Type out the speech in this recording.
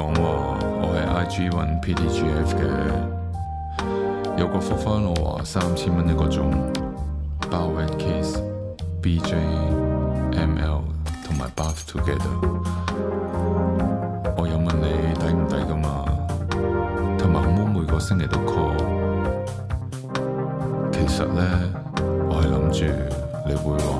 講喎，我係 IG 揾 PDGF 嘅，有個復返我話三千蚊一個鐘，包 exchange、BJ、ML 同埋 bath together。我有問你抵唔抵噶嘛？同埋可唔可以每個星期都 call。其實咧，我係諗住你會話。